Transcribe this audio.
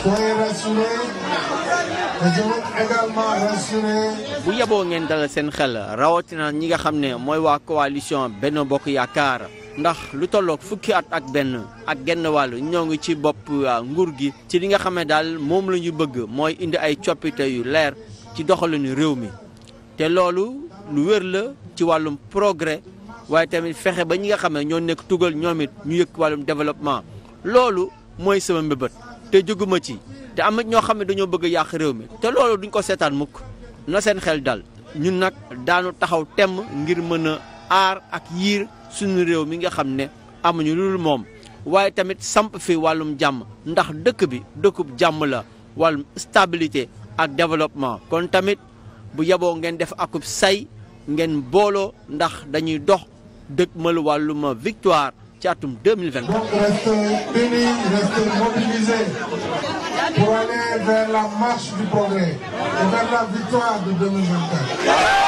soyez bu yeboo ngeen dalal seen xel rawatina ñi nga xam ne mooy waa coalition benn Bokk Yaakaar ndax lu tollook fukki at ak benn ak genn wàll ñoo ngi ci bopp ah, nguur gi ci li nga xam ne daal moom la ñu bëgg mooy indi ay coppite yu leer ci doxalinu réew mi te loolu lu wér la ci wàllum progrès waaye tamit fexe ba ñi nga xam ne ñoo nekk tugal ñoom it ñu yëkk wàllum développement loolu mooy sama mbébét. te jóguma ci te am ñoo xam ne dañoo bëgg a yàq réew mi te loolu duñ ko seetaan mukk na seen xel dal ñun nag daanu taxaw temm ngir mën a aar ak yiir suñu réew mi nga xam ne amuñu lu dul moom waaye tamit samp fi wàllum jàmm ndax dëkk bi dëkkub jàmm la wàllum stabilité ak développement kon tamit bu yeboo ngeen def akub say ngeen booloo ndax dañuy dox dëkk mal wàlluma victoire ci atum 2020. donc restez unis, restez pour aller vers la marche du progrès et vers victoire de 2024.